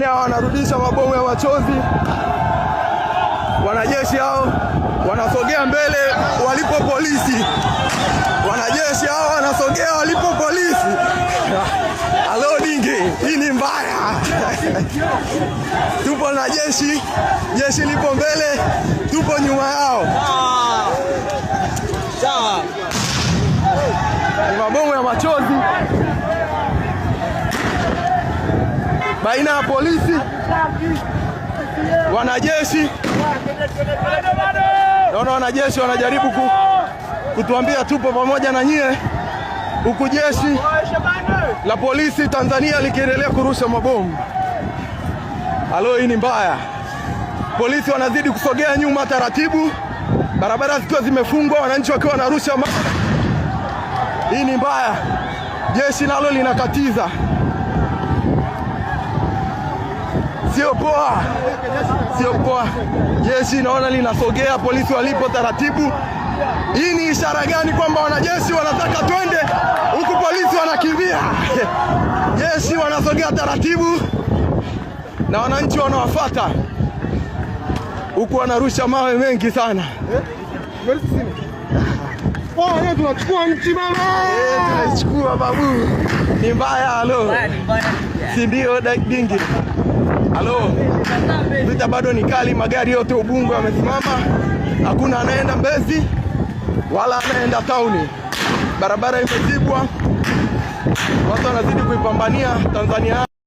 wengine hawa wanarudisha mabomu ya machozi. Wanajeshi hao wanasogea mbele walipo polisi, wanajeshi hao wanasogea walipo polisi. Alo dingi, hii ni mbaya. Tupo na jeshi, jeshi lipo mbele, tupo nyuma yao. baina ya polisi, wanajeshi. Naona wanajeshi wanajaribu ku, kutuambia tupo pamoja na nyie, huku jeshi la polisi Tanzania likiendelea kurusha mabomu. Halo, hii ni mbaya. Polisi wanazidi kusogea nyuma taratibu, barabara zikiwa zimefungwa, wananchi wakiwa wanarusha. Hii ni mbaya, jeshi nalo linakatiza. sio poa, sio poa. Jeshi naona linasogea, polisi walipo taratibu. Hii ni ishara gani kwamba wanajeshi wanataka twende huku polisi wanakimbia? Jeshi wanasogea taratibu na wananchi wanawafuata huku, wanarusha mawe mengi sana. Eh? Tunachukua nchi baba. Eh, babu mm, ni mbaya alo si ndio? Dingi halo, vita bado ni kali, magari yote Ubungo yamesimama, hakuna anaenda Mbezi wala anaenda tauni, barabara imezibwa, watu wanazidi kuipambania Tanzania.